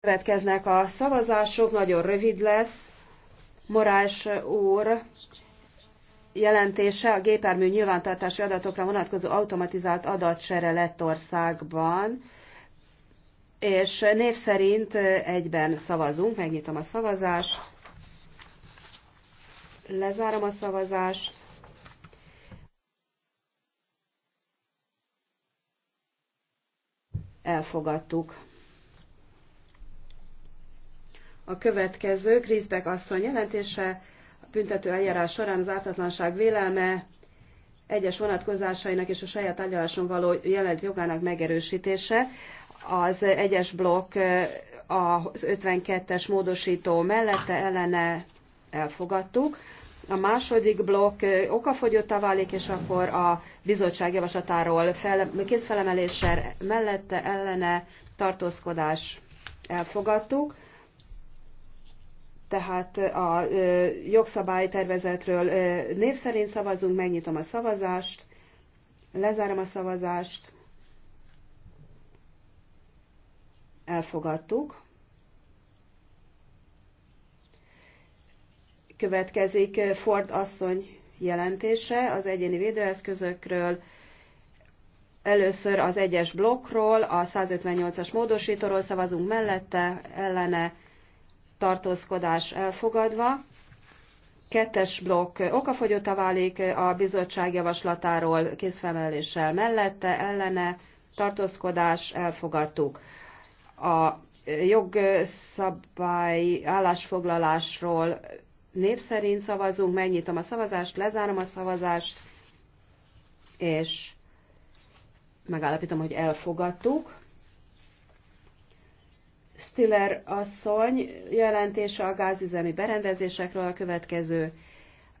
Következnek a szavazások, nagyon rövid lesz. Morás úr jelentése a gépermű nyilvántartási adatokra vonatkozó automatizált adatsere Lettországban, és név szerint egyben szavazunk, megnyitom a szavazást, lezárom a szavazást, elfogadtuk. A következő Griszbek asszony jelentése a büntető eljárás során az ártatlanság vélelme egyes vonatkozásainak és a saját tárgyaláson való jelent jogának megerősítése. Az egyes blokk az 52-es módosító mellette ellene elfogadtuk. A második blokk okafogyottá válik, és akkor a bizottság javaslatáról fel, készfelemeléssel mellette ellene tartózkodás elfogadtuk tehát a jogszabálytervezetről név szerint szavazunk, megnyitom a szavazást, lezárom a szavazást, elfogadtuk. Következik Ford asszony jelentése az egyéni védőeszközökről, először az egyes blokkról, a 158-as módosítóról szavazunk mellette, ellene, tartózkodás elfogadva. Kettes blokk okafogyottá válik a bizottság javaslatáról készfemeléssel mellette, ellene tartózkodás elfogadtuk. A jogszabály állásfoglalásról név szerint szavazunk, megnyitom a szavazást, lezárom a szavazást, és megállapítom, hogy elfogadtuk. Stiller asszony jelentése a gázüzemi berendezésekről a következő.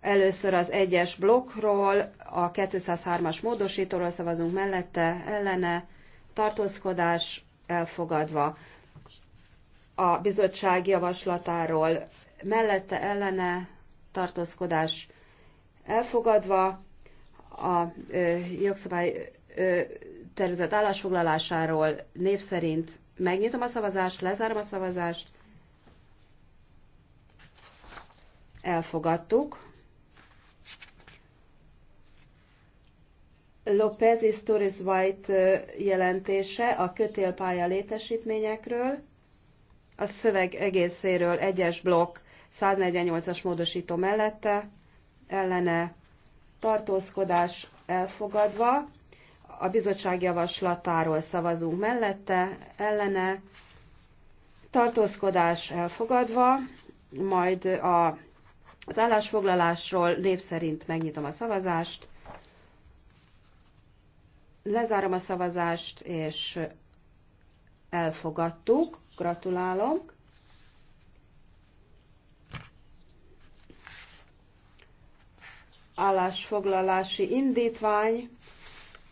Először az egyes blokkról, a 203-as módosítóról szavazunk mellette, ellene, tartózkodás elfogadva. A bizottság javaslatáról mellette, ellene, tartózkodás elfogadva. A ö, jogszabály ö, tervezett állásfoglalásáról név szerint Megnyitom a szavazást, lezárom a szavazást. Elfogadtuk. López és Torres White jelentése a kötélpálya létesítményekről, a szöveg egészéről egyes blokk 148-as módosító mellette, ellene tartózkodás elfogadva, a bizottság javaslatáról szavazunk mellette, ellene, tartózkodás elfogadva, majd a, az állásfoglalásról név szerint megnyitom a szavazást, lezárom a szavazást, és elfogadtuk, gratulálok. Állásfoglalási indítvány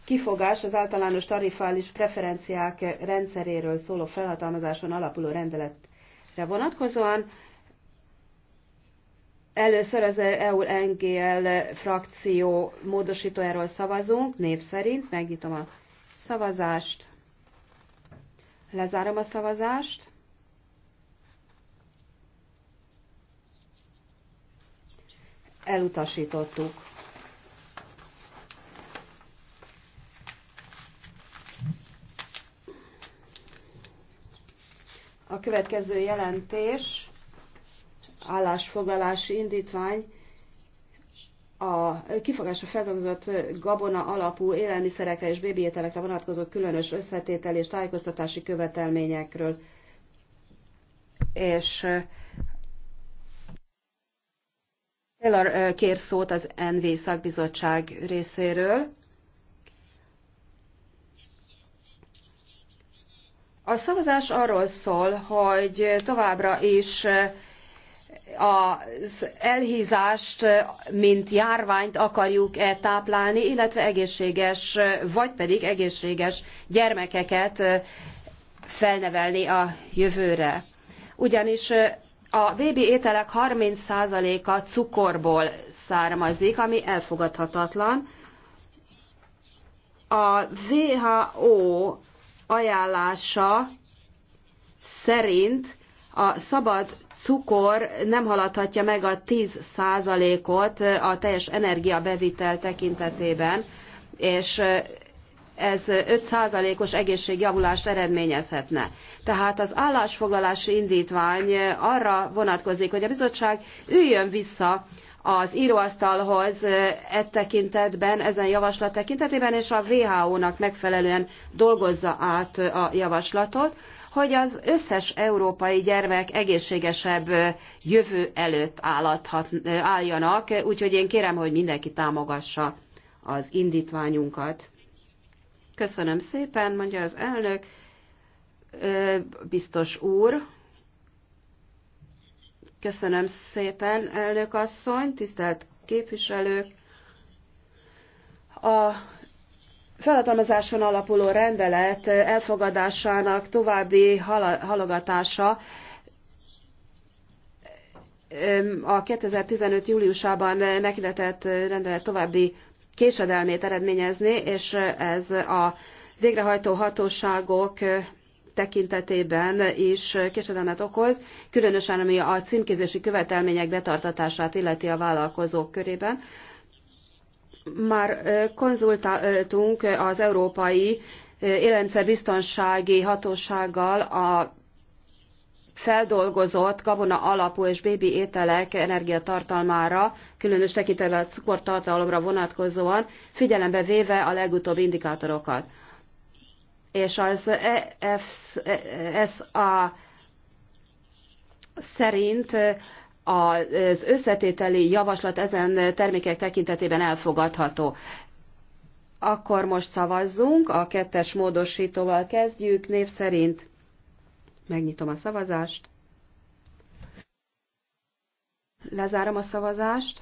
kifogás az általános tarifális preferenciák rendszeréről szóló felhatalmazáson alapuló rendeletre vonatkozóan. Először az EU-NGL frakció módosítójáról szavazunk, név szerint. Megnyitom a szavazást. Lezárom a szavazást. Elutasítottuk. A következő jelentés, állásfoglalási indítvány, a kifogásra feldolgozott gabona alapú élelmiszerekre és bébi ételekre vonatkozó különös összetétel és tájékoztatási követelményekről. És Taylor eh, eh, kér szót az NV szakbizottság részéről. A szavazás arról szól, hogy továbbra is eh, az elhízást, mint járványt akarjuk-e táplálni, illetve egészséges, vagy pedig egészséges gyermekeket eh, felnevelni a jövőre. Ugyanis eh, a VB ételek 30%-a cukorból származik, ami elfogadhatatlan. A WHO ajánlása szerint a szabad cukor nem haladhatja meg a 10%-ot a teljes energiabevitel tekintetében, és ez 5%-os egészségjavulást eredményezhetne. Tehát az állásfoglalási indítvány arra vonatkozik, hogy a bizottság üljön vissza az íróasztalhoz e tekintetben, ezen javaslat tekintetében, és a WHO-nak megfelelően dolgozza át a javaslatot, hogy az összes európai gyermek egészségesebb jövő előtt állathat, álljanak, úgyhogy én kérem, hogy mindenki támogassa az indítványunkat. Köszönöm szépen, mondja az elnök. Biztos úr, Köszönöm szépen, elnök asszony, tisztelt képviselők! A felhatalmazáson alapuló rendelet elfogadásának további halogatása a 2015. júliusában meghirdetett rendelet további késedelmét eredményezni, és ez a végrehajtó hatóságok tekintetében is késedelmet okoz, különösen ami a címkézési követelmények betartatását illeti a vállalkozók körében. Már konzultáltunk az Európai Élelmiszerbiztonsági Hatósággal a feldolgozott gabona alapú és bébi ételek energiatartalmára, különös tekintettel a cukortartalomra vonatkozóan, figyelembe véve a legutóbbi indikátorokat és az EFSA szerint az összetételi javaslat ezen termékek tekintetében elfogadható. Akkor most szavazzunk, a kettes módosítóval kezdjük, név szerint megnyitom a szavazást. Lezárom a szavazást.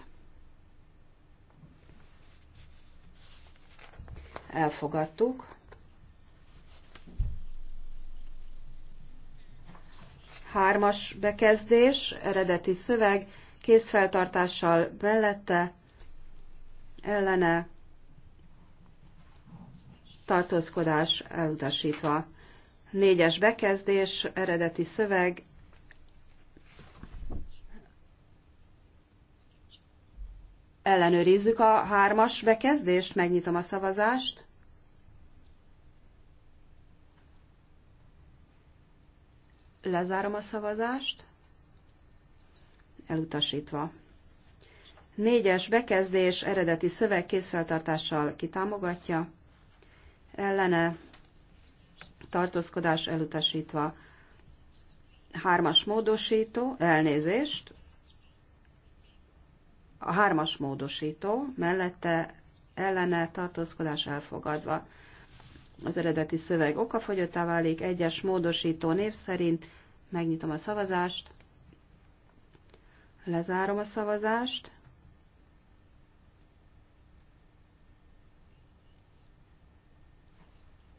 Elfogadtuk. Hármas bekezdés, eredeti szöveg, kézfeltartással mellette, ellene, tartózkodás elutasítva. Négyes bekezdés, eredeti szöveg, ellenőrizzük a hármas bekezdést, megnyitom a szavazást. Lezárom a szavazást. Elutasítva. Négyes bekezdés eredeti szöveg készfeltartással kitámogatja. Ellene tartózkodás elutasítva. Hármas módosító, elnézést. A hármas módosító mellette ellene tartózkodás elfogadva az eredeti szöveg okafogyottá válik, egyes módosító név szerint megnyitom a szavazást, lezárom a szavazást,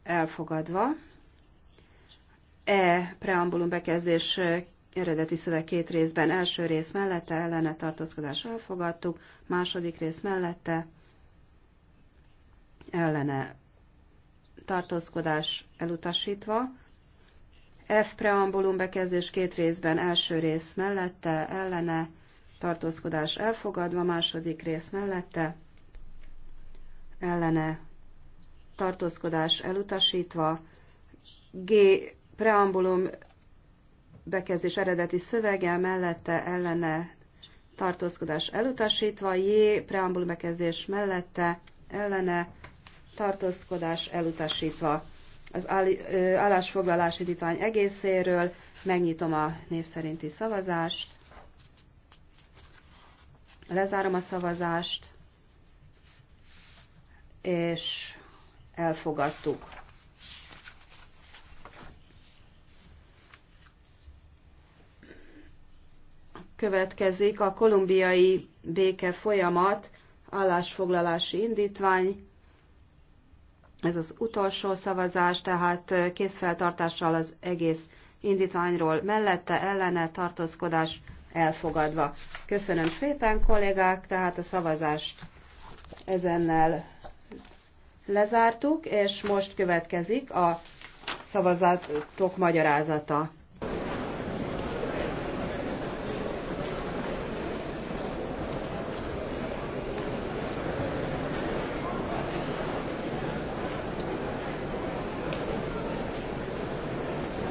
elfogadva. E preambulum bekezdés eredeti szöveg két részben, első rész mellette ellene tartózkodás elfogadtuk, második rész mellette ellene tartózkodás elutasítva, F preambulum bekezdés két részben első rész mellette, ellene, tartózkodás elfogadva, második rész mellette, ellene, tartózkodás elutasítva, G preambulum bekezdés eredeti szövege mellette, ellene, tartózkodás elutasítva, J preambulum bekezdés mellette, ellene, tartózkodás elutasítva. Az állásfoglalási indítvány egészéről megnyitom a név szerinti szavazást, lezárom a szavazást, és elfogadtuk. Következik a kolumbiai béke folyamat, állásfoglalási indítvány, ez az utolsó szavazás, tehát készfeltartással az egész indítványról mellette, ellene tartózkodás elfogadva. Köszönöm szépen, kollégák, tehát a szavazást ezennel lezártuk, és most következik a szavazatok magyarázata.